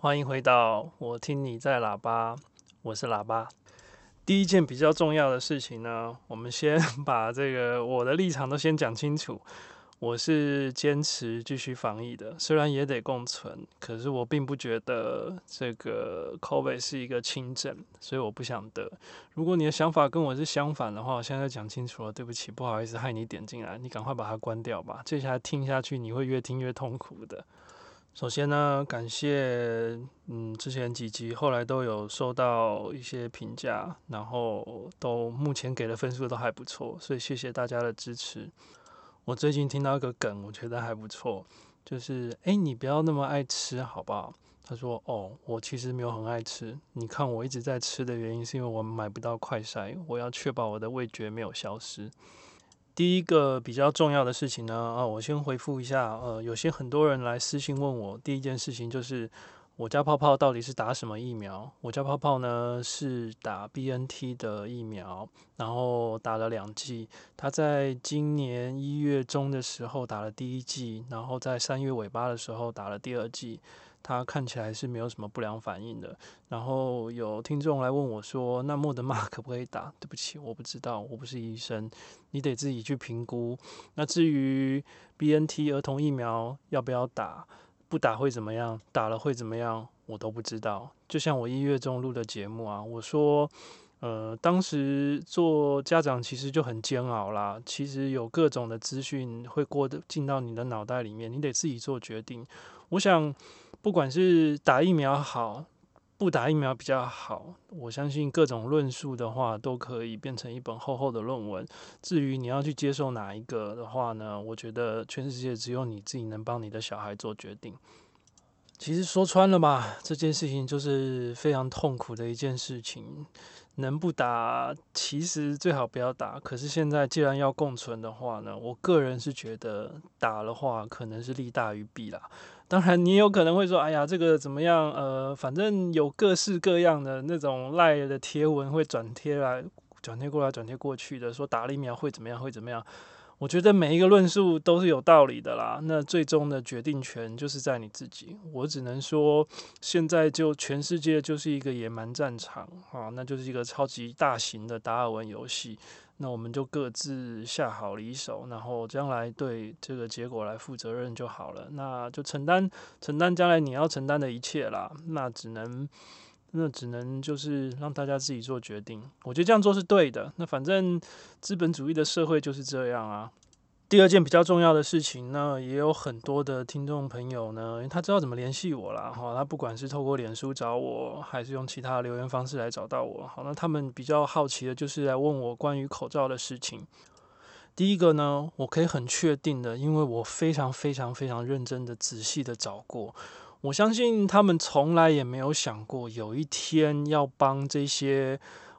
歡迎回到我聽你在喇叭，我是喇叭。第一件比較重要的事情呢，我們先把這個我的立場都先講清楚。我是堅持繼續防疫的，雖然也得共存，可是我並不覺得這個 COVID 是一個輕症，所以我不想得。如果你的想法跟我是相反的話，我現在講清楚了，對不起，不好意思，害你點進來，你趕快把它關掉吧，接下來聽下去你會越聽越痛苦的。首先呢，感謝，嗯，之前幾集後來都有收到一些評價，然後都目前給的分數都還不錯，所以謝謝大家的支持。我最近聽到一個梗，我覺得還不錯，就是哎、欸，你不要那麼愛吃，好不好？他說哦，我其實沒有很愛吃，你看我一直在吃的原因是因為我買不到快篩，我要確保我的味覺沒有消失。第一個比較重要的事情呢，啊、呃，我先回復一下，呃，有些很多人來私信問我，第一件事情就是。我家泡泡到底是打什麼疫苗？我家泡泡呢是打 BNT 的疫苗，然後打了兩劑。他在今年一月中的時候打了第一劑，然後在三月尾巴的時候打了第二劑。他看起來是沒有什麼不良反應的。然後有聽眾來問我說：“那莫德納可不可以打？”對不起，我不知道，我不是醫生，你得自己去評估。那至於 BNT 兒童疫苗要不要打？不打會怎麼樣？打了會怎麼樣？我都不知道。就像我一月中錄的節目啊，我說，呃，當時做家長其實就很煎熬啦。其實有各種的資訊會過的進到你的腦袋裡面，你得自己做決定。我想，不管是打疫苗好。不打疫苗比較好，我相信各種論述的話都可以變成一本厚厚的論文。至於你要去接受哪一個的話呢？我覺得全世界只有你自己能幫你的小孩做決定。其實說穿了嘛，這件事情就是非常痛苦的一件事情。能不打，其實最好不要打。可是現在既然要共存的話呢，我個人是覺得打的話，可能是利大於弊啦。當然，你有可能會說：“哎呀，這個怎麼樣？呃，反正有各式各樣的那種賴的貼文，會轉貼來，轉貼過來，轉貼過去的，說打了疫苗會怎麼樣，會怎麼樣。”我覺得每一個論述都是有道理的啦。那最終的決定權就是在你自己。我只能說，現在就全世界就是一個野蠻戰場啊，那就是一個超級大型的達爾文遊戲。那我們就各自下好離手，然後將來對這個結果來負責任就好了。那就承擔，承擔將來你要承擔的一切啦。那只能，那只能就是讓大家自己做決定。我覺得這樣做是對的。那反正資本主義的社會就是這樣啊。第二件比較重要的事情呢，也有很多的聽眾朋友呢，因為他知道怎麼聯繫我了哈，他不管是透過臉書找我，還是用其他的留言方式來找到我，好，那他們比較好奇的就是來問我關於口罩的事情。第一個呢，我可以很確定的，因為我非常非常非常認真的、仔細的找過，我相信他們從來也沒有想過有一天要幫這些。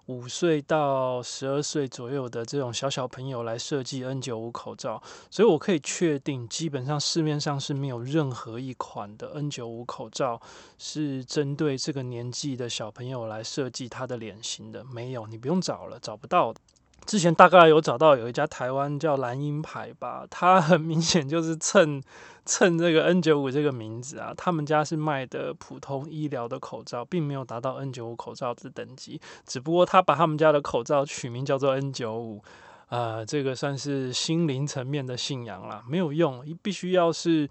五歲到十二歲左右的這種小小朋友來設計 N95 口罩，所以我可以確定，基本上市面上是沒有任何一款的 N95 口罩是針對這個年紀的小朋友來設計他的臉型的，沒有，你不用找了，找不到的。之前大概有找到有一家台灣叫藍鷹牌吧，它很明顯就是蹭蹭這個 N 九五這個名字啊，他們家是賣的普通醫療的口罩，並沒有達到 N 九五口罩之等級，只不過他把他們家的口罩取名叫做 N 九五。啊、呃，這個算是心靈層面的信仰啦，沒有用，必須要是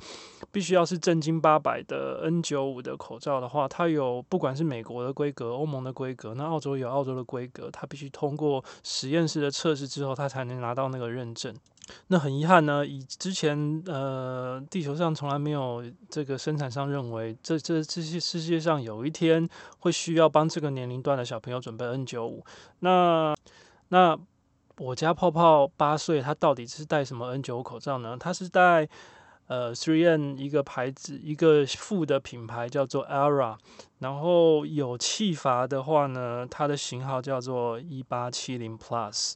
必須要是正經八百的 N 九五的口罩的話，它有不管是美國的規格、歐盟的規格，那澳洲有澳洲的規格，它必須通過實驗室的測試之後，它才能拿到那個認證。那很遺憾呢，以之前呃，地球上從來沒有這個生產商認為這這這些世界上有一天會需要幫這個年齡段的小朋友準備 N 九五，那那。我家泡泡八歲，他到底是戴什麼 N95 口罩呢？他是戴呃 3M 一個牌子，一個副的品牌叫做 Aura，然後有氣閥的話呢，它的型號叫做一八七零 Plus，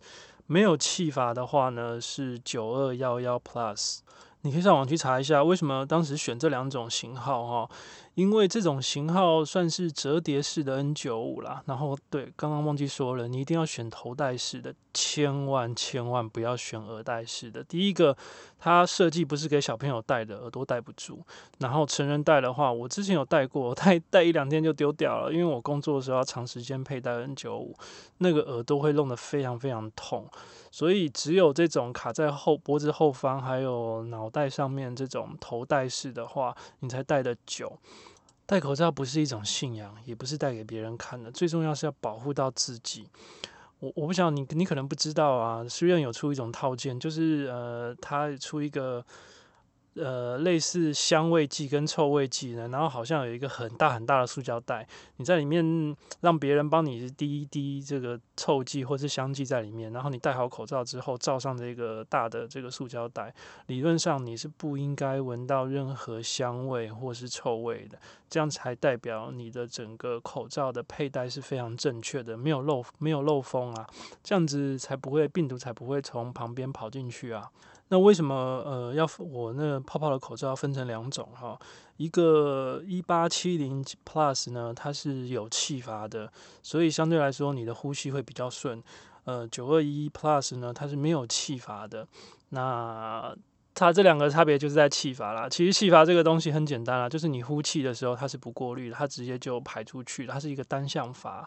沒有氣閥的話呢是九二幺幺 Plus。你可以上網去查一下，為什麼當時選這兩種型號哈？因為這種型號算是摺疊式的 N95 啦，然後對，剛剛忘記說了，你一定要選頭戴式的，千萬千萬不要選耳戴式的。第一個，它設計不是給小朋友戴的，耳朵戴不住。然後成人戴的話，我之前有戴過，戴戴一兩天就丟掉了，因為我工作的時候要長時間佩戴 N95，那個耳朵會弄得非常非常痛。所以只有這種卡在後脖子後方，還有腦袋上面這種頭戴式的話，你才戴得久。戴口罩不是一種信仰，也不是戴給別人看的，最重要是要保護到自己。我我不想你，你你可能不知道啊，雖然有出一種套件，就是呃，他出一個。呃，類似香味劑跟臭味劑呢，然後好像有一個很大很大的塑膠袋，你在裡面讓別人幫你滴一滴這個臭劑或是香劑在裡面，然後你戴好口罩之後罩上這個大的這個塑膠袋，理論上你是不應該聞到任何香味或是臭味的，這樣才代表你的整個口罩的佩戴是非常正確的，沒有漏沒有漏風啊，這樣子才不會病毒才不會從旁邊跑進去啊。那為什麼呃要我那個泡泡的口罩要分成兩種哈？一個一八七零 plus 呢，它是有氣閥的，所以相對來說你的呼吸會比較順。呃，九二一 plus 呢，它是沒有氣閥的。那它這兩個差別就是在氣閥啦。其實氣閥這個東西很簡單啦，就是你呼氣的時候它是不過濾的，它直接就排出去，它是一個單向閥。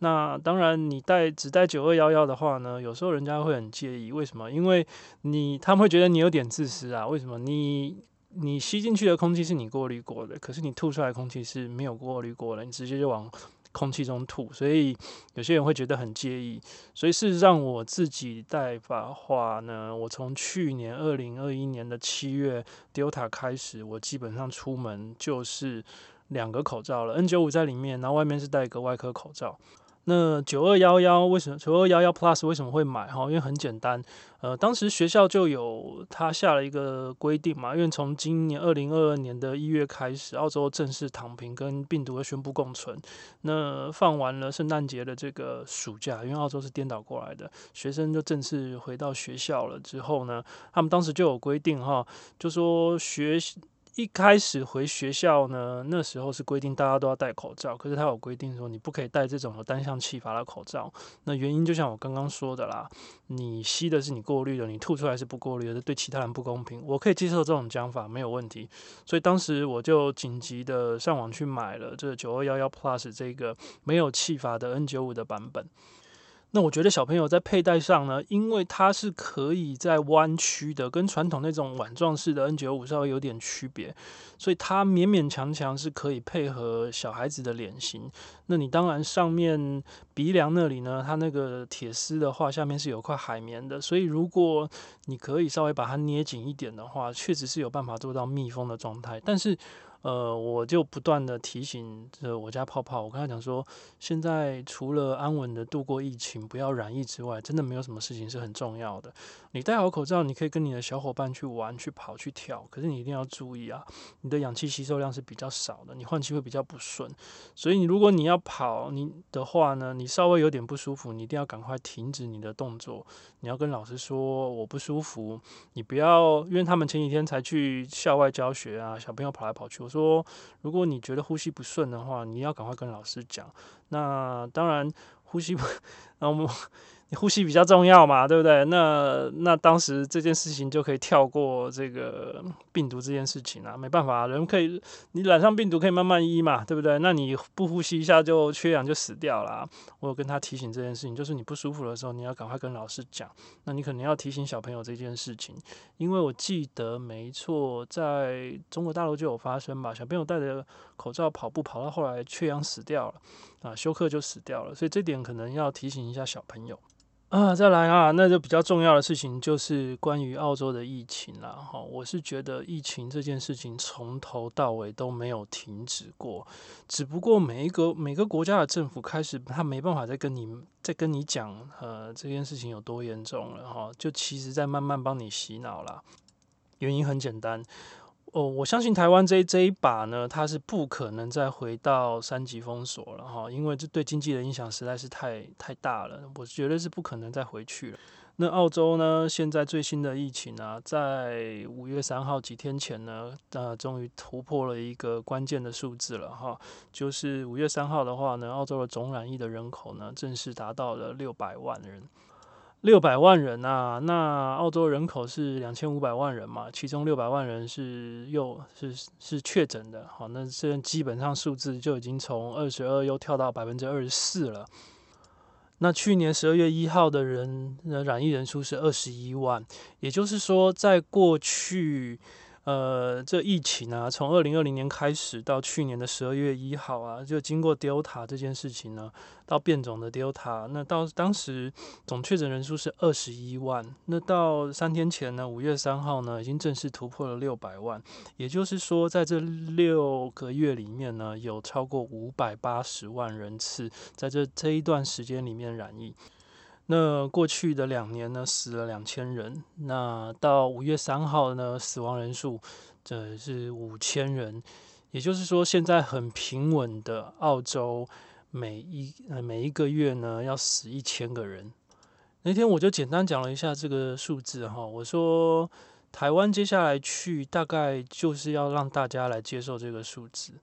那當然，你戴只戴9211的話呢，有時候人家會很介意。為什麼？因為你他們會覺得你有點自私啊。為什麼？你你吸進去的空氣是你過濾過的，可是你吐出來的空氣是沒有過濾過的，你直接就往空氣中吐，所以有些人會覺得很介意。所以事實上，我自己戴的話呢，我從去年二零二一年的七月 Delta 開始，我基本上出門就是兩個口罩了，N95 在裡面，然後外面是戴一個外科口罩。那九二幺幺，為什麼九二幺幺 plus 為什麼會買哈？因為很簡單，呃，當時學校就有他下了一個規定嘛，因為從今年二零二二年的一月開始，澳洲正式躺平跟病毒宣布共存。那放完了聖誕節的這個暑假，因為澳洲是顛倒過來的，學生就正式回到學校了之後呢，他們當時就有規定哈，就說學。一開始回學校呢，那時候是規定大家都要戴口罩，可是他有規定說你不可以戴這種有單向氣閥的口罩。那原因就像我剛剛說的啦，你吸的是你過濾的，你吐出來是不過濾的，對其他人不公平。我可以接受這種講法，沒有問題。所以當時我就緊急的上網去買了這個九二幺幺 plus 這個沒有氣閥的 N 九五的版本。那我覺得小朋友在佩戴上呢，因為它是可以在彎曲的，跟傳統那種碗狀式的 N95 稍微有點區別，所以它勉勉強強是可以配合小孩子的臉型。那你當然上面鼻梁那裡呢，它那個鐵絲的話，下面是有塊海綿的，所以如果你可以稍微把它捏緊一點的話，確實是有辦法做到密封的狀態，但是。呃，我就不斷的提醒着我家泡泡，我跟他講說，現在除了安穩的度過疫情，不要染疫之外，真的沒有什麼事情是很重要的。你戴好口罩，你可以跟你的小夥伴去玩、去跑、去跳，可是你一定要注意啊，你的氧氣吸收量是比較少的，你換氣會比較不順。所以你如果你要跑你的話呢，你稍微有點不舒服，你一定要趕快停止你的動作。你要跟老師說我不舒服，你不要，因為他們前幾天才去校外教學啊，小朋友跑來跑去。說，如果你覺得呼吸不順的話，你要趕快跟老師講。那當然，呼吸不……那我們。你呼吸比較重要嘛，對不對？那那當時這件事情就可以跳過這個病毒這件事情啊，沒辦法啊，人可以你染上病毒可以慢慢醫嘛，對不對？那你不呼吸一下就缺氧就死掉了。我有跟他提醒這件事情，就是你不舒服的時候你要趕快跟老師講。那你可能要提醒小朋友這件事情，因為我記得沒錯，在中國大陸就有發生嘛，小朋友戴着口罩跑步跑到後來缺氧死掉了啊，休克就死掉了。所以這點可能要提醒一下小朋友。啊，再來啊！那就比較重要的事情就是關於澳洲的疫情啦。哈，我是覺得疫情這件事情從頭到尾都沒有停止過，只不過每一個每個國家的政府開始，他沒辦法再跟你再跟你講，呃，這件事情有多嚴重了。哈，就其實在慢慢幫你洗腦啦，原因很簡單。哦，我相信台灣這一這一把呢，它是不可能再回到三級封鎖了哈，因為這對經濟的影響實在是太太大了，我覺得是不可能再回去了。那澳洲呢，現在最新的疫情呢、啊，在五月三號幾天前呢，呃，終於突破了一個關鍵的數字了哈，就是五月三號的話呢，澳洲的總染疫的人口呢，正式達到了六百萬人。六百萬人啊，那澳洲人口是兩千五百萬人嘛，其中六百萬人是又是是確診的，好，那現在基本上數字就已經從二十二又跳到百分之二十四了。那去年十二月一號的人的染疫人數是二十一萬，也就是說，在過去。呃，這疫情啊，從二零二零年開始到去年的十二月一號啊，就經過 Delta 這件事情呢，到變種的 Delta，那到當時總確診人數是二十一萬，那到三天前呢，五月三號呢，已經正式突破了六百萬，也就是說，在這六個月裡面呢，有超過五百八十萬人次在這這一段時間裡面染疫。那過去的兩年呢，死了兩千人。那到五月三號呢，死亡人數這是五千人。也就是說，現在很平穩的澳洲，每一每一個月呢要死一千個人。那天我就簡單講了一下這個數字哈，我說台灣接下來去大概就是要讓大家來接受這個數字。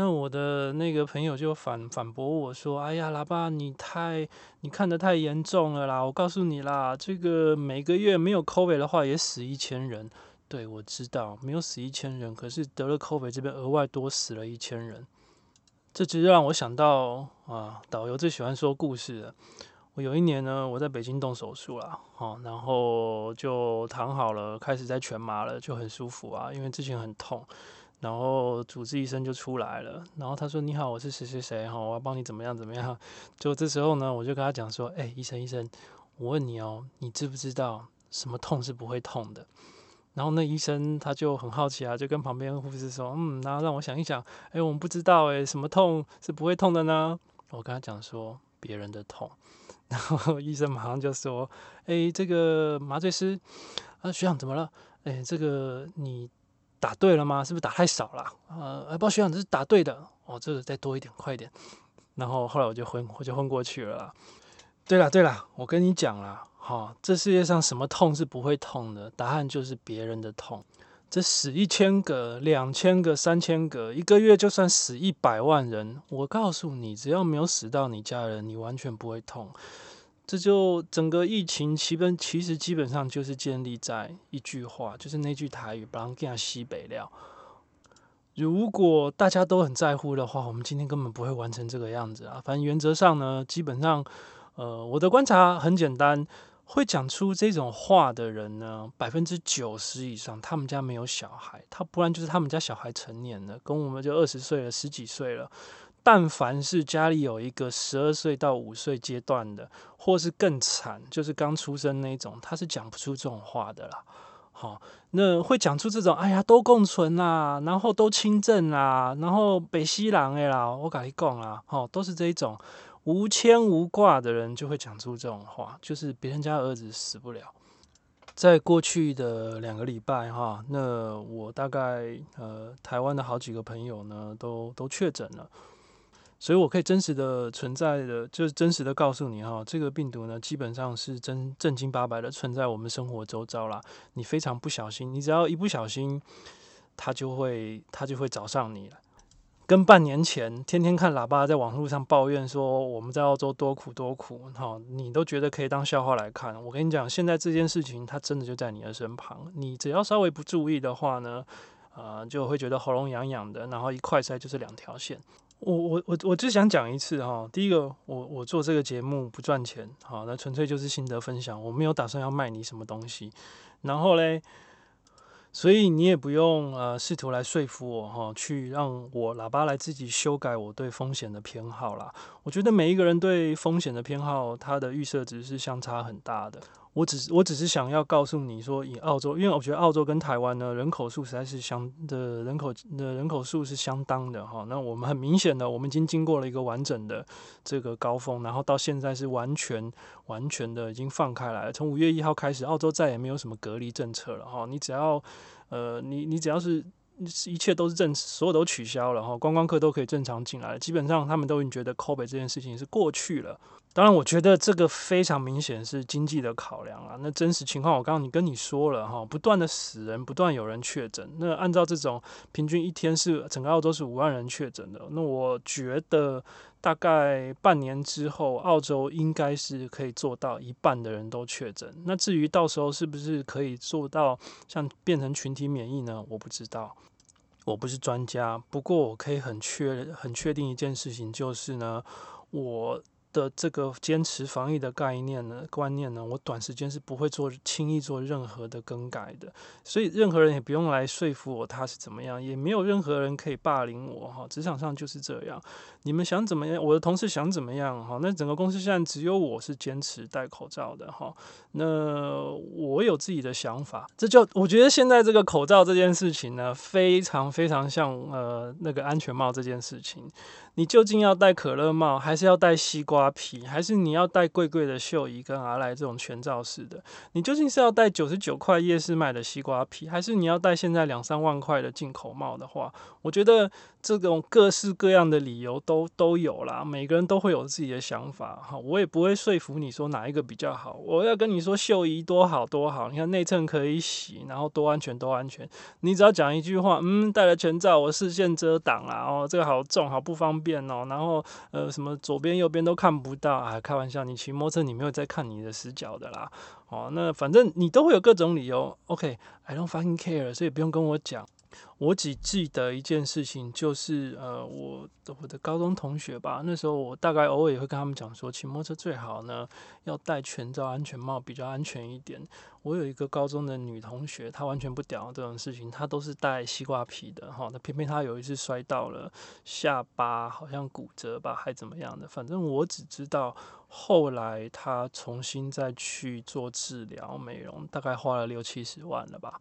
那我的那個朋友就反反駁我說：“哎呀，老爸，你太你看得太嚴重了啦！我告訴你啦，這個每個月沒有 COVID 的話也死一千人。對，我知道沒有死一千人，可是得了 COVID 這邊額外多死了一千人。這直接讓我想到啊，導遊最喜歡說故事。我有一年呢，我在北京動手術啦，哦、啊，然後就躺好了，開始在全麻了，就很舒服啊，因為之前很痛。”然後主治醫生就出來了，然後他說：“你好，我是誰誰誰哈，我要幫你怎麼樣怎麼樣。”就這時候呢，我就跟他講說：“哎、欸，醫生醫生，我問你哦，你知不知道什麼痛是不會痛的？”然後那醫生他就很好奇啊，就跟旁邊護士說：“嗯、啊，那讓我想一想，哎、欸，我們不知道哎、欸，什麼痛是不會痛的呢？”我跟他講說：“別人的痛。”然後醫生馬上就說：“哎、欸，這個麻醉師，啊，學長怎麼了？哎、欸，這個你。”打對了嗎？是不是打太少了？呃，不，學長這是打對的哦，這個再多一點，快一點。然後後來我就昏，我就昏過去了啦。對啦，對啦，我跟你講啦。哈、哦，這世界上什麼痛是不會痛的？答案就是別人的痛。這死一千個、兩千個、三千個，一個月就算死一百萬人，我告訴你，只要沒有死到你家人，你完全不會痛。這就整個疫情其基本其實基本上就是建立在一句話，就是那句台語“不啷個西北料”。如果大家都很在乎的話，我們今天根本不會完成這個樣子啊！反正原則上呢，基本上，呃，我的觀察很簡單，會講出這種話的人呢，百分之九十以上，他們家沒有小孩，他不然就是他們家小孩成年了，跟我們就二十歲了，十幾歲了。但凡是家裡有一個十二歲到五歲階段的，或是更慘，就是剛出生那種，他是講不出這種話的啦。好、哦，那會講出這種，哎呀，都共存啦，然後都輕症啦，然後北西蘭誒啦，我跟你講啦，好、哦，都是這一種無牽無掛的人就會講出這種話，就是別人家的兒子死不了。在過去的兩個禮拜哈、哦，那我大概呃，台灣的好幾個朋友呢，都都確診了。所以，我可以真實的存在的，就是真實的告訴你哈，這個病毒呢，基本上是真正經八百的存在我們生活周遭啦，你非常不小心，你只要一不小心，它就會它就會找上你了。跟半年前天天看喇叭在網絡上抱怨說我們在澳洲多苦多苦，哈，你都覺得可以當笑話來看。我跟你講，現在這件事情它真的就在你的身旁，你只要稍微不注意的話呢，呃，就會覺得喉嚨癢癢的，然後一快篩就是兩條線。我我我我就想講一次哈，第一個我我做這個節目不賺錢，好，那純粹就是心得分享，我沒有打算要賣你什麼東西，然後嘞，所以你也不用呃試圖來說服我哈，去讓我喇叭來自己修改我對風險的偏好啦。我覺得每一個人對風險的偏好，他的預設值是相差很大的。我只是我只是想要告訴你說，以澳洲，因為我覺得澳洲跟台灣呢人口數實在是相的人口的人口數是相當的哈。那我們很明顯的，我們已經經過了一個完整的這個高峰，然後到現在是完全完全的已經放開來了。從五月一號開始，澳洲再也沒有什麼隔離政策了哈。你只要呃，你你只要是，一切都是正，所有都取消了哈。觀光客都可以正常進來了，基本上他們都已經覺得 COVID 這件事情是過去了。當然，我覺得這個非常明顯是經濟的考量啊。那真實情況，我剛剛你跟你說了哈，不斷的死人，不斷有人確診。那按照這種平均一天是整個澳洲是五萬人確診的，那我覺得大概半年之後，澳洲應該是可以做到一半的人都確診。那至於到時候是不是可以做到像變成群體免疫呢？我不知道，我不是專家。不過我可以很確認很確定一件事情，就是呢，我。的這個堅持防疫的概念呢，觀念呢，我短時間是不會做輕易做任何的更改的，所以任何人也不用來說服我他是怎麼樣，也沒有任何人可以霸凌我哈，職場上就是這樣，你們想怎麼樣，我的同事想怎麼樣哈，那整個公司現在只有我是堅持戴口罩的哈，那我有自己的想法，這就我覺得現在這個口罩這件事情呢，非常非常像呃那個安全帽這件事情。你究竟要戴可樂帽，還是要戴西瓜皮，還是你要戴貴貴的秀姨跟阿萊這種全罩式的？你究竟是要戴九十九塊夜市買的西瓜皮，還是你要戴現在兩三萬塊的進口帽的話？我覺得這種各式各樣的理由都都有啦，每個人都會有自己的想法哈。我也不會說服你說哪一個比較好。我要跟你說秀姨多好多好，你看內襯可以洗，然後多安全多安全。你只要講一句話，嗯，戴了全罩我視線遮擋啦，啊，哦，這個好重，好不方便。變哦，然後呃，什麼左邊右邊都看不到啊？開玩笑，你騎摩托車，你沒有在看你的死角的啦。哦、啊，那反正你都會有各種理由。OK，I、OK, don't fucking care，所以不用跟我講。我只記得一件事情，就是呃，我我的高中同學吧，那時候我大概偶爾也會跟他們講說，騎摩托車最好呢，要戴全罩安全帽，比較安全一點。我有一個高中的女同學，她完全不屌這種事情，她都是戴西瓜皮的哈。那偏偏她有一次摔到了下巴，好像骨折吧，還怎麼樣的？反正我只知道，後來她重新再去做治療美容，大概花了六七十萬了吧。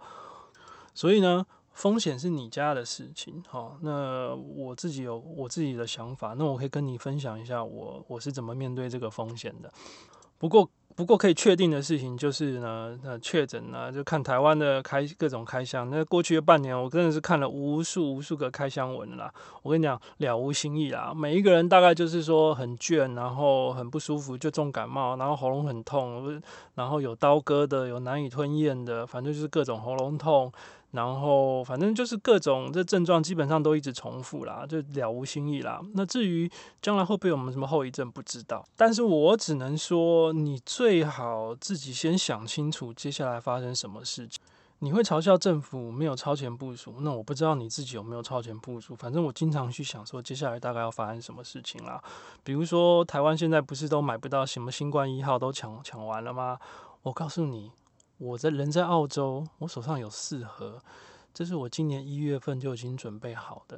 所以呢。風險是你家的事情，哈。那我自己有我自己的想法，那我可以跟你分享一下我我是怎麼面對這個風險的。不過，不過可以確定的事情就是呢，那確診呢，啊，就看台灣的開各種開箱。那過去的半年，我真的是看了無數無數個開箱文了啦。我跟你講，了無新意啦。每一個人大概就是說很倦，然後很不舒服，就重感冒，然後喉嚨很痛，然後有刀割的，有難以吞咽的，反正就是各種喉嚨痛。然後，反正就是各種這症狀基本上都一直重複啦，就了無新意啦。那至於將來會不會有我們什麼後遺症，不知道。但是我只能說，你最好自己先想清楚接下來發生什麼事情。你會嘲笑政府沒有超前部署，那我不知道你自己有沒有超前部署。反正我經常去想說，接下來大概要發生什麼事情啦。比如說，台灣現在不是都買不到什麼清冠一號都搶搶完了嗎？我告訴你。我在人在澳洲，我手上有四盒，這是我今年一月份就已經準備好的。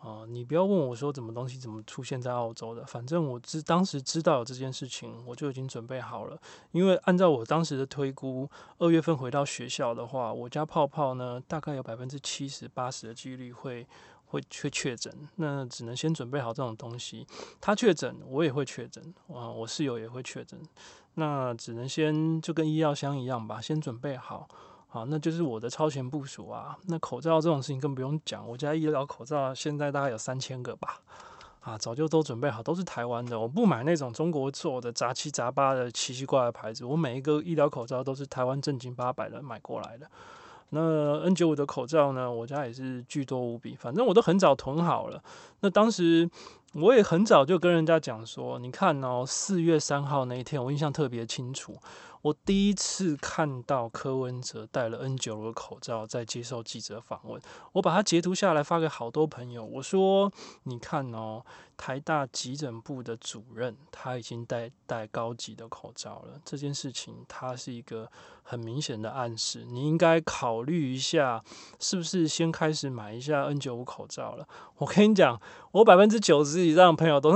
啊、呃，你不要問我說什麼東西怎麼出現在澳洲的，反正我知當時知道有這件事情，我就已經準備好了。因為按照我當時的推估，二月份回到學校的話，我家泡泡呢大概有百分之七十八十的幾率會。會去確診，那只能先準備好這種東西。他確診，我也會確診，啊，我室友也會確診，那只能先就跟醫藥箱一樣吧，先準備好，好，啊，那就是我的超前部署啊。那口罩這種事情更不用講，我家醫療口罩現在大概有三千個吧，啊，早就都準備好，都是台灣的，我不買那種中國做的雜七雜八的奇奇怪怪的牌子，我每一個醫療口罩都是台灣正經八百的買過來的。那 N 九五的口罩呢？我家也是巨多無比，反正我都很早囤好了。那當時我也很早就跟人家講說：“你看哦，四月三號那一天，我印象特別清楚，我第一次看到柯文哲戴了 N 九五的口罩在接受記者訪問，我把它截圖下來發給好多朋友，我說：‘你看哦。’”台大急診部的主任，他已經戴戴高級的口罩了，這件事情他是一個很明顯的暗示，你應該考慮一下，是不是先開始買一下 N 九五口罩了？我跟你講，我百分之九十以上的朋友都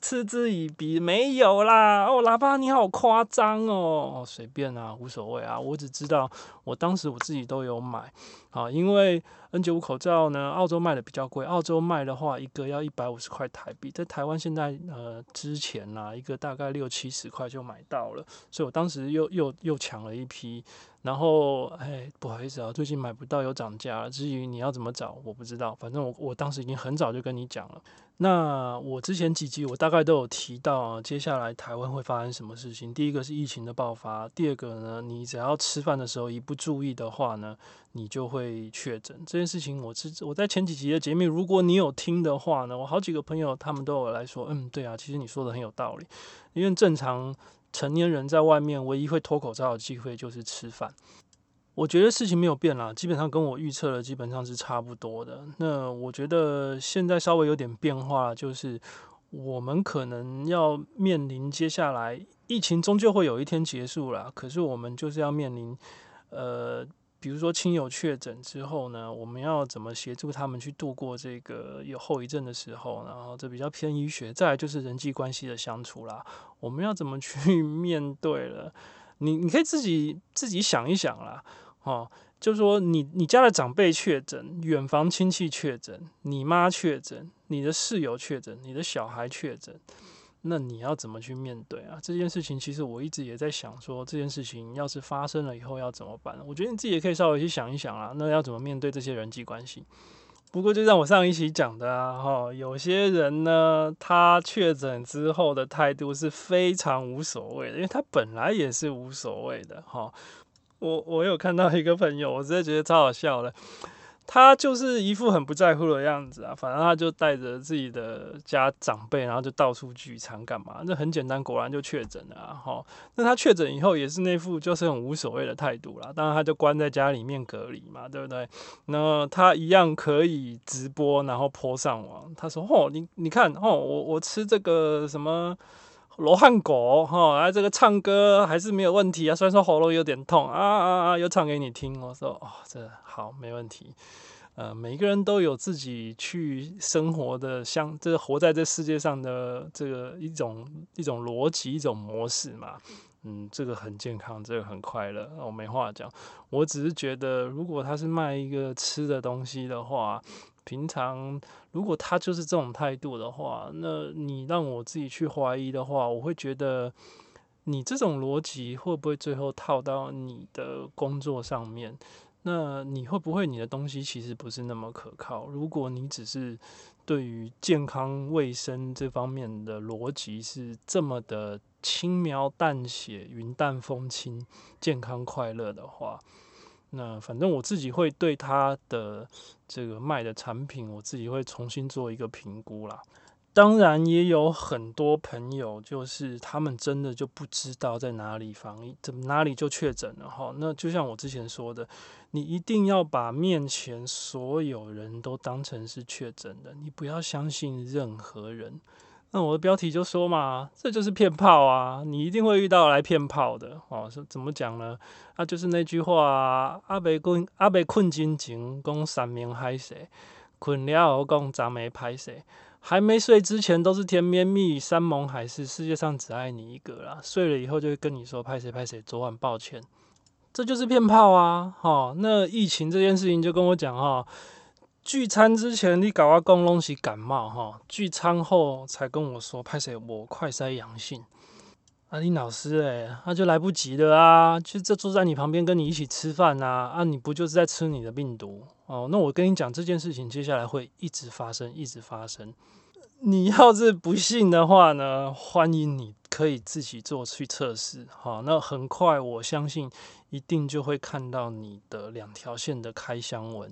嗤之以鼻，沒有啦！哦，喇叭你好誇張哦，哦，隨便啦，啊，無所謂啊，我只知道我當時我自己都有買啊，因為 N 九五口罩呢，澳洲賣的比較貴，澳洲賣的話一個要一百五十塊台。台幣在台灣現在呃，之前吶、啊、一個大概六七十塊就買到了，所以我當時又又又搶了一批。然後，哎，不好意思啊，最近買不到，又漲價了。至於你要怎麼找，我不知道。反正我我當時已經很早就跟你講了。那我之前幾集我大概都有提到啊，接下來台灣會發生什麼事情。第一個是疫情的爆發，第二個呢，你只要吃飯的時候一不注意的話呢，你就會確診。這件事情我，我之我在前幾集的節目，如果你有聽的話呢，我好幾個朋友他們都有來說，嗯，對啊，其實你說的很有道理，因為正常。成年人在外面唯一會脫口罩的機會就是吃飯，我覺得事情沒有變啦，基本上跟我預測的基本上是差不多的。那我覺得現在稍微有點變化，就是我們可能要面臨接下來疫情終究會有一天結束了，可是我們就是要面臨，呃。比如說親友確診之後呢，我們要怎麼協助他們去度過這個有後遺症的時候？然後這比較偏醫學。再來就是人際關係的相處啦，我們要怎麼去面對了？你你可以自己自己想一想啦。哦，就說你你家的長輩確診，遠房親戚確診，你媽確診，你的室友確診，你的小孩確診。那你要怎麼去面對啊？這件事情其實我一直也在想說，說這件事情要是發生了以後要怎麼辦？我覺得你自己也可以稍微去想一想啊。那要怎麼面對這些人際關係？不過就像我上一期講的啊，哈、哦，有些人呢，他確診之後的態度是非常無所謂的，因為他本來也是無所謂的。哈、哦，我我有看到一個朋友，我真的覺得超好笑的。他就是一副很不在乎的樣子啊，反正他就帶着自己的家長輩，然後就到處聚餐幹嘛？那很簡單，果然就確診了啊，齁。那他確診以後也是那副就是很無所謂的態度啦，當然他就關在家裡面隔離嘛，對不對？那他一樣可以直播，然後 PO 上網。他說：“齁，你你看齁，我我吃這個什麼？”羅漢果，哈、哦，啊，這個唱歌還是沒有問題啊，雖然說喉嚨有點痛啊，啊啊啊，又唱給你聽，我說哦，這好沒問題，呃，每個人都有自己去生活的像，像這個活在這世界上的這個一種一種邏輯一種模式嘛，嗯，這個很健康，這個很快樂，我、哦、沒話講，我只是覺得如果他是賣一個吃的東西的話。平常如果他就是這種態度的話，那你讓我自己去懷疑的話，我會覺得你這種邏輯會不會最後套到你的工作上面？那你會不會你的東西其實不是那麼可靠？如果你只是對於健康衛生這方面的邏輯是這麼的輕描淡寫、雲淡風輕、健康快樂的話。那反正我自己會對他的這個賣的產品，我自己會重新做一個評估啦。當然也有很多朋友，就是他們真的就不知道在哪裡防疫，怎麼哪裡就確診了哈。那就像我之前說的，你一定要把面前所有人都當成是確診的，你不要相信任何人。那、嗯、我的標題就說嘛，這就是騙炮啊！你一定會遇到來騙炮的哦。說怎麼講呢？那、啊、就是那句話啊：阿北困阿北困，金錢講閃明。嗨、啊，誰困了後共咱沒拍誰，還沒睡之前都是甜言蜜語、山盟海誓，世界上只愛你一個啦。睡了以後就會跟你說拍誰拍誰，昨晚抱歉，這就是騙炮啊！哈、哦，那疫情這件事情就跟我講哈。哦聚餐之前，你搞啊，公龍起感冒哈，聚餐後才跟我說歹勢我快篩陽性，阿、啊、林老師哎，那、啊、就來不及了啊！就就坐在你旁邊跟你一起吃飯吶、啊，啊你不就是在吃你的病毒哦？那我跟你講這件事情，接下來會一直發生，一直發生。你要是不信的話呢，歡迎你可以自己做去測試，好、哦，那很快我相信一定就會看到你的兩條線的開箱文。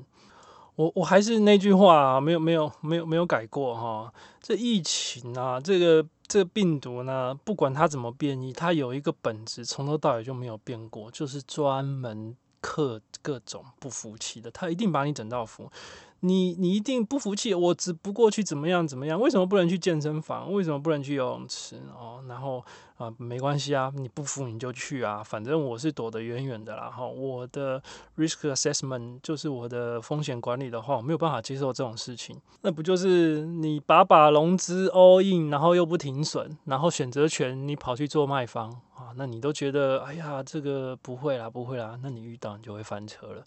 我我還是那句話啊，沒有沒有沒有沒有改過哈啊。這疫情啊，這個這個病毒呢啊，不管它怎麼變異，它有一個本質，從頭到尾就沒有變過，就是專門克各種不服氣的，它一定把你整到服。你你一定不服氣，我只不過去怎麼樣怎麼樣，為什麼不能去健身房？為什麼不能去游泳池？哦，然後啊、呃，沒關係啊，你不服你就去啊，反正我是躲得遠遠的啦。哈、哦，我的 risk assessment 就是我的風險管理的話，我沒有辦法接受這種事情。那不就是你把把融資 all in，然後又不停損，然後選擇權你跑去做賣方啊？那你都覺得哎呀，這個不會啦，不會啦，那你遇到你就會翻車了。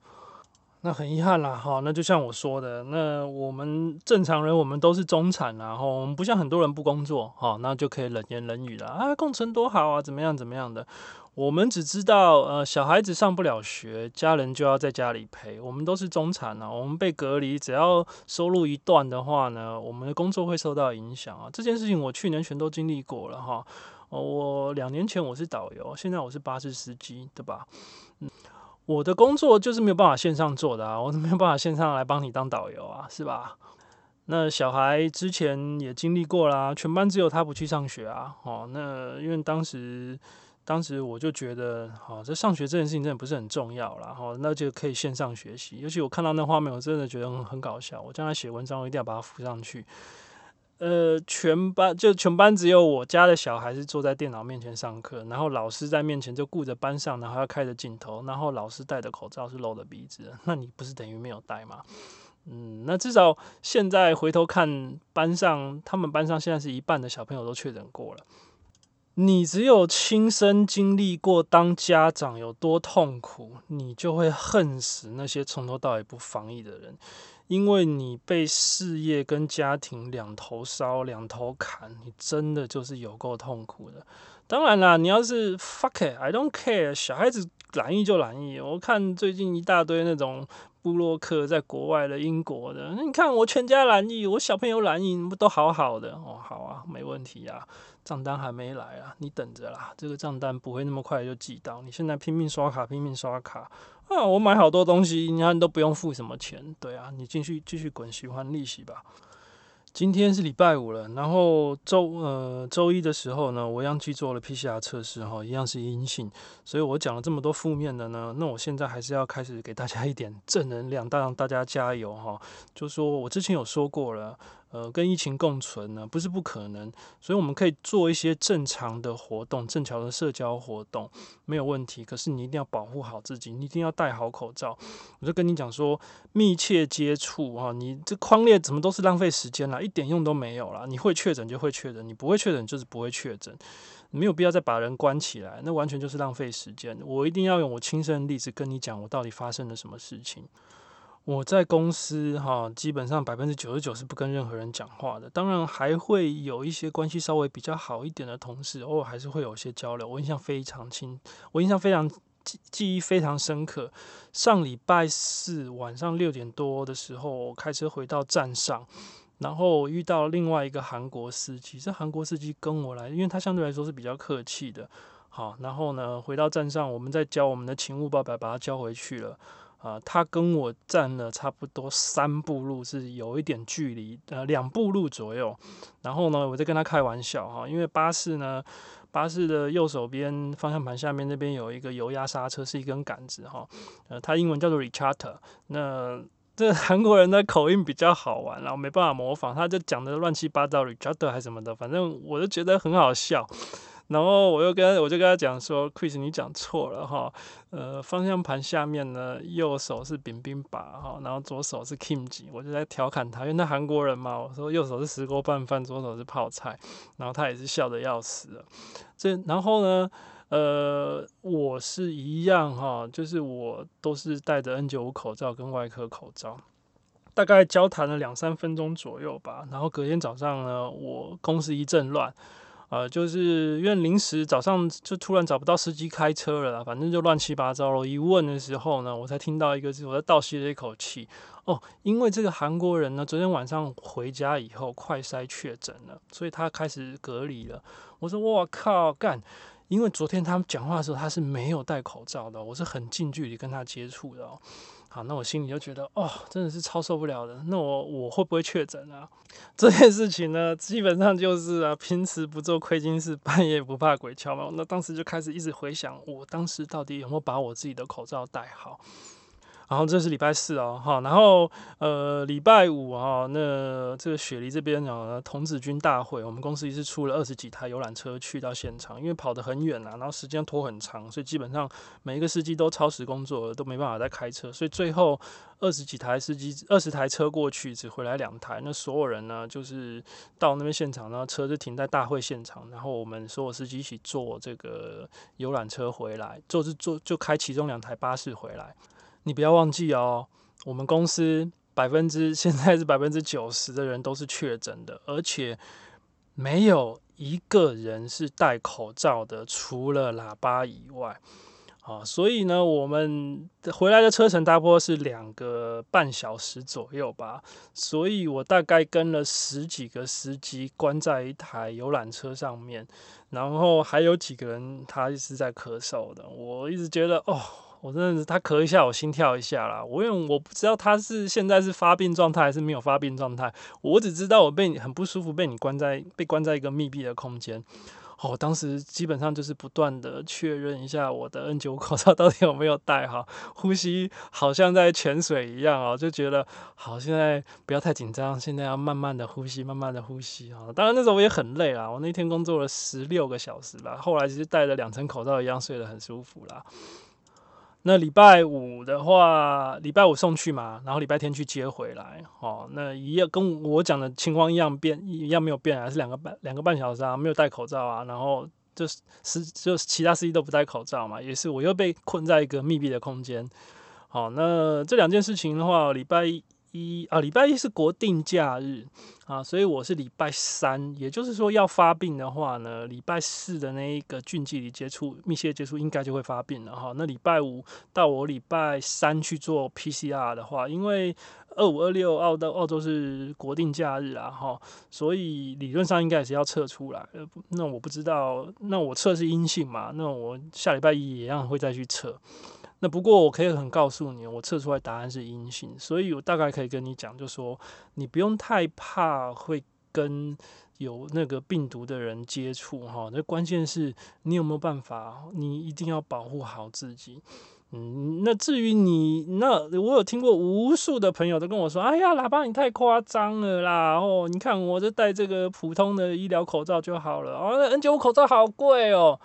那很遺憾啦，哈。那就像我說的，那我們正常人，我們都是中產啦，哈，我們不像很多人不工作，哈，那就可以冷言冷語啦。啊，共存多好啊，怎麼樣怎麼樣的，我們只知道，呃，小孩子上不了學，家人就要在家裡陪，我們都是中產呢，我們被隔離，只要收入一斷的話呢，我們的工作會受到影響啊，這件事情我去年全都經歷過了哈，我兩年前我是導遊，現在我是巴士司機，對吧？嗯。我的工作就是沒有辦法線上做的啊，我沒有辦法線上來幫你當導遊啊，是吧？那小孩之前也經歷過啦，全班只有他不去上學啊。哦，那因為當時，當時我就覺得，哦，這上學這件事情真的不是很重要啦。哦，那就可以線上學習。尤其我看到那畫面，我真的覺得很，很搞笑。我將來寫文章，我一定要把它附上去。呃，全班就全班只有我家的小孩是坐在電腦面前上課，然後老師在面前就顧着班上，然後要開着鏡頭，然後老師戴的口罩是露着鼻子的，那你不是等於沒有戴嗎？嗯，那至少現在回頭看班上，他們班上現在是一半的小朋友都確診過了，你只有親身經歷過當家長有多痛苦，你就會恨死那些從頭到尾不防疫的人。因為你被事業跟家庭兩頭燒、兩頭砍，你真的就是有夠痛苦的。當然啦，你要是 fuck it，I don't care，小孩子懶逸就懶逸。我看最近一大堆那種。布洛克在國外的英國的，你看我全家藍翼，我小朋友藍翼，不都好好的哦？好啊，沒問題啊，賬單還沒來啊，你等着啦，這個賬單不會那麼快就寄到，你現在拼命刷卡，拼命刷卡啊！我買好多東西，你看都不用付什麼錢，對啊，你繼續繼續滾，喜歡利息吧。今天是禮拜五了，然後周呃周一的時候呢，我一樣去做了 PCR 測試哈，一樣是陰性，所以我講了這麼多負面的呢，那我現在還是要開始給大家一點正能量，大讓大家加油哈。就說我之前有說過了。呃，跟疫情共存呢，不是不可能，所以我們可以做一些正常的活動，正常的社交活動沒有問題。可是你一定要保護好自己，你一定要戴好口罩。我就跟你講說，密切接觸哈、啊，你這匡列怎麼都是浪費時間啦，一點用都沒有了。你會確診就會確診，你不會確診就是不會確診，沒有必要再把人關起來，那完全就是浪費時間。我一定要用我親身的例子跟你講，我到底發生了什麼事情。我在公司哈，基本上百分之九十九是不跟任何人講話的。當然，還會有一些關係稍微比較好一點的同事，偶爾還是會有些交流。我印象非常清，我印象非常記，記憶非常深刻。上禮拜四晚上六點多的時候，我開車回到站上，然後遇到另外一個韓國司機。這韓國司機跟我來，因為他相對來說是比較客氣的。好，然後呢，回到站上，我們再交我們的勤務報表，把他交回去了。啊、呃，他跟我站了差不多三步路，是有一點距離，呃，兩步路左右。然後呢，我在跟他開玩笑哈，因為巴士呢，巴士的右手邊方向盤下面那邊有一個油壓剎車，是一根杆子哈。呃，他英文叫做 retarder。那這韓國人的口音比較好玩，然後沒辦法模仿，他就講的亂七八糟 retarder 還什麼的，反正我就覺得很好笑。然後我又跟他，我就跟他講說，Chris，你講錯了哈，呃，方向盤下面呢，右手是柄柄把哈，然後左手是 kimchi，我就在調侃他，因為那韓國人嘛，我說右手是石鍋拌飯，左手是泡菜，然後他也是笑得要死的。這然後呢，呃，我是一樣哈，就是我都是戴着 N95 口罩跟外科口罩，大概交談了兩三分鐘左右吧，然後隔天早上呢，我公司一陣亂。啊、呃，就是因為臨時早上就突然找不到司機開車了，啦，反正就亂七八糟了。一問的時候呢，我才聽到一個字，我才倒吸了一口氣。哦，因為這個韓國人呢，昨天晚上回家以後快篩確診了，所以他開始隔離了。我說我靠幹，因為昨天他們講話的時候他是沒有戴口罩的，我是很近距離跟他接觸的。好，那我心裡就覺得，哦，真的是超受不了的。那我我會不會確診啊？這件事情呢，基本上就是啊，平時不做虧心事，半夜不怕鬼敲門。那當時就開始一直回想，我當時到底有沒有把我自己的口罩戴好。然後這是禮拜四哦，好，然後呃禮拜五啊、哦，那這個雪梨這邊啊，童子軍大會，我們公司也是出了二十幾台遊覽車去到現場，因為跑得很遠吶、啊，然後時間拖很長，所以基本上每一個司機都超時工作了，都沒辦法再開車，所以最後二十幾台司機二十台車過去，只回來兩台，那所有人呢就是到那邊現場，然後車就停在大會現場，然後我們所有司機一起坐這個遊覽車回來，坐是坐就開其中兩台巴士回來。你不要忘記哦，我們公司百分之現在是百分之九十的人都是確診的，而且沒有一個人是戴口罩的，除了喇叭以外啊。所以呢，我們回來的車程大概是兩個半小時左右吧。所以我大概跟了十幾個司機，關在一台遊覽車上面，然後還有幾個人他一直在咳嗽的，我一直覺得哦。我真的是，他咳一下，我心跳一下啦。我因為我不知道他是現在是發病狀態還是沒有發病狀態，我只知道我被你很不舒服，被你關在被關在一個密閉的空間。哦，當時基本上就是不斷的確認一下我的 N95 口罩到底有沒有戴好，呼吸好像在潛水一樣哦，就覺得好，現在不要太緊張，現在要慢慢的呼吸，慢慢的呼吸啊。當然那時候我也很累啊，我那天工作了十六個小時啦，後來其實戴了兩層口罩一樣，睡得很舒服啦。那禮拜五的話，禮拜五送去嘛，然後禮拜天去接回來，哦，那一樣跟我講的情況一樣變，一樣沒有變，啊，還是兩個半兩個半小時啊，沒有戴口罩啊，然後就是司就其他司機都不戴口罩嘛，也是我又被困在一個密閉的空間，好，哦，那這兩件事情的話，禮拜一。一啊，禮拜一是國定假日啊，所以我是禮拜三，也就是說要發病的話呢，禮拜四的那一個近距離接觸、密切接觸應該就會發病了哈，啊。那禮拜五到我禮拜三去做 PCR 的話，因為二五、二六澳到澳洲是國定假日啊哈，所以理論上應該也是要測出來。那我不知道，那我測是陰性嘛？那我下禮拜一也一樣會再去測。那不過我可以很告訴你，我測出來答案是陰性，所以我大概可以跟你講，就說你不用太怕會跟有那個病毒的人接觸哈。那關鍵是你有沒有辦法，你一定要保護好自己。嗯，那至於你，那我有聽過無數的朋友都跟我說，哎呀，喇叭你太誇張了啦！哦，你看我就戴這個普通的醫療口罩就好了哦，那 N95 口罩好貴哦。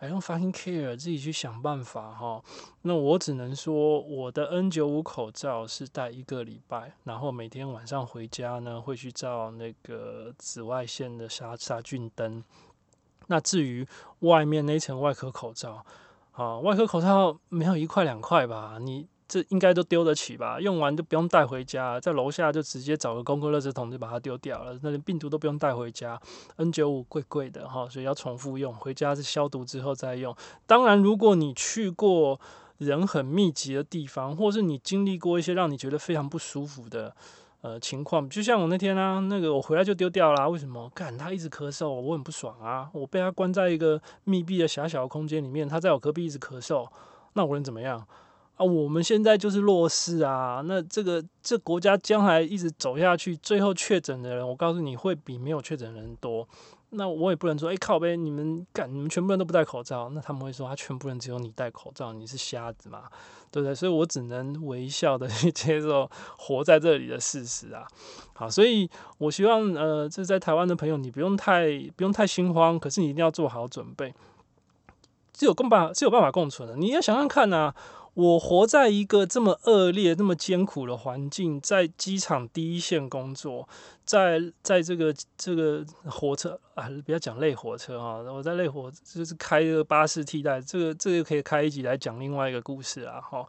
I don't fucking care，自己去想辦法哈，那我只能說我的 N95 口罩是戴一個禮拜，然後每天晚上回家呢，會去照那個紫外線的殺殺菌燈。那至於外面那層外科口罩，啊，外科口罩沒有一塊兩塊吧？你。這應該都丟得起吧？用完就不用帶回家，在樓下就直接找個公共垃圾桶就把它丟掉了。那連病毒都不用帶回家。N95 貴貴的哈，所以要重複用，回家是消毒之後再用。當然，如果你去過人很密集的地方，或是你經歷過一些讓你覺得非常不舒服的呃情況，就像我那天啊，那個我回來就丟掉啦、啊。為什麼？幹他一直咳嗽，我很不爽啊！我被他關在一個密閉的狹小的空間裡面，他在我隔壁一直咳嗽，那我能怎麼樣？啊，我們現在就是弱勢啊！那這個這國家將來一直走下去，最後確診的人，我告訴你會比沒有確診的人多。那我也不能說，誒、欸，靠北，你們幹，你們全部人都不戴口罩，那他們會說他、啊、全部人只有你戴口罩，你是瞎子嘛，對不對，對？所以我只能微笑的去接受活在這裡的事實啊。好，所以我希望，呃，就是在臺灣的朋友，你不用太不用太心慌，可是你一定要做好準備，是有共辦是有辦法共存的。你要想想看啊。我活在一個這麼惡劣、這麼艱苦的環境，在機場第一線工作，在在這個這個火車啊，不要講累火車哈，我在累火就是開這個巴士替代，這個這個可以開一集來講另外一個故事啊。哈，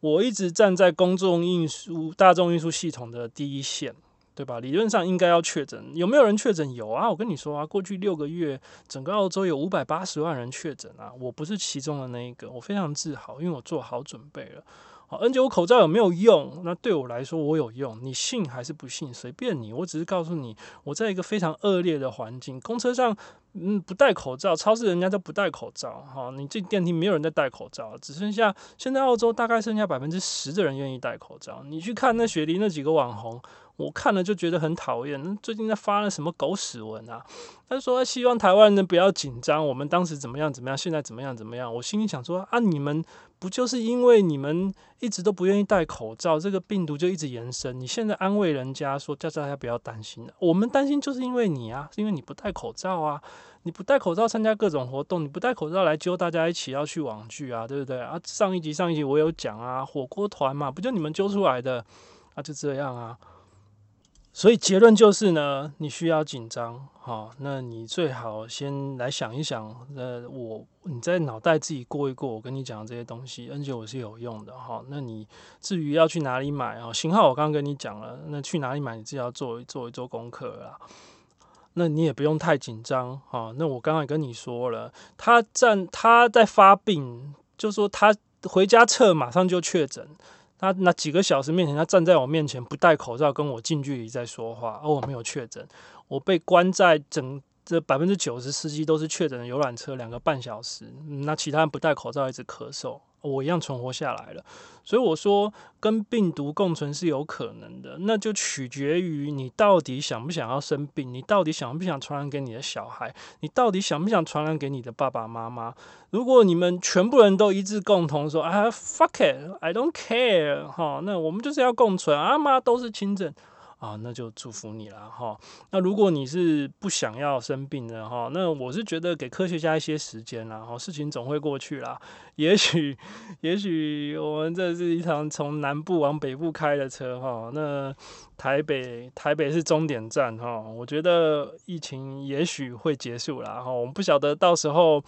我一直站在公眾運輸、大眾運輸系統的第一線。對吧？理論上應該要確診，有沒有人確診？有啊，我跟你說啊，過去六個月，整個澳洲有五百八十萬人確診啊，我不是其中的那一個，我非常自豪，因為我做好準備了。好，N95 口罩有沒有用？那對我來說，我有用。你信還是不信？隨便你，我只是告訴你，我在一個非常惡劣的環境，公車上，嗯，不戴口罩，超市人家都不戴口罩，哈，你進電梯沒有人在戴口罩，只剩下現在澳洲大概剩下百分之十的人願意戴口罩。你去看那雪梨那幾個網紅。我看了就覺得很討厭。最近在發了什麼狗屎文啊？他說希望台灣人不要緊張。我們當時怎麼樣怎麼樣，現在怎麼樣怎麼樣？我心裡想說啊，你們不就是因為你們一直都不願意戴口罩，這個病毒就一直延伸。你現在安慰人家說叫大家不要擔心，我們擔心就是因為你啊，是因為你不戴口罩啊，你不戴口罩參加各種活動，你不戴口罩來揪大家一起要去網聚啊，對不對啊？上一集上一集我有講啊，火鍋團嘛，不就你們揪出來的啊？就這樣啊。所以結論就是呢，你需要緊張，好、哦，那你最好先來想一想，呃，我你在腦袋自己過一過，我跟你講這些東西，N95 是有用的，哈、哦，那你至於要去哪裡買啊、哦，型號我剛剛跟你講了，那去哪裡買你自己要做一做一做功課啦。那你也不用太緊張，哈、哦，那我剛剛也跟你說了，他站他在發病，就說他回家測馬上就確診。他那幾個小時面前，他站在我面前不戴口罩，跟我近距離在說話，而、哦、我沒有確診，我被關在整這百分之九十司機都是確診的遊覽車兩個半小時，那其他人不戴口罩一直咳嗽。我一樣存活下來了，所以我說跟病毒共存是有可能的，那就取決於你到底想不想要生病，你到底想不想傳染給你的小孩，你到底想不想傳染給你的爸爸媽媽。如果你們全部人都一致共同說，啊，fuck it，I don't care，哈，那我們就是要共存，啊嘛都是輕症。啊，那就祝福你了哈。那如果你是不想要生病的哈，那我是覺得給科學家一些時間啦哈，事情總會過去啦。也許，也許我們這是一趟從南部往北部開的車哈。那台北，台北是終點站哈。我覺得疫情也許會結束啦。哈，我們不曉得到時候。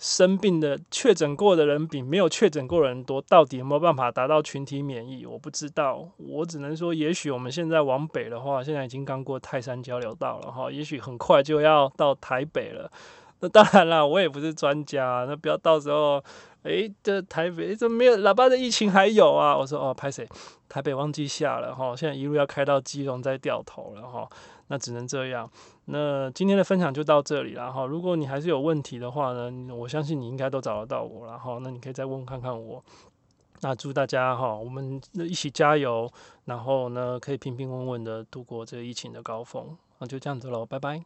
生病的確診過的人比沒有確診過的人多，到底有沒有辦法達到群體免疫？我不知道，我只能說，也許我們現在往北的話，現在已經剛過泰山交流道了哈，也許很快就要到台北了。那當然啦，我也不是專家、啊，那不要到時候，哎、欸，這台北、欸、怎麼沒有？喇叭的疫情還有啊？我說哦，拍謝，台北忘記下了哈，現在一路要開到基隆再掉頭了哈，那只能這樣。那今天的分享就到這裡了哈。如果你還是有問題的話呢，我相信你應該都找得到我啦，然後那你可以再問問看看我。那祝大家哈，我們一起加油，然後呢，可以平平穩穩的度過這個疫情的高峰，那就這樣子嘍，拜拜。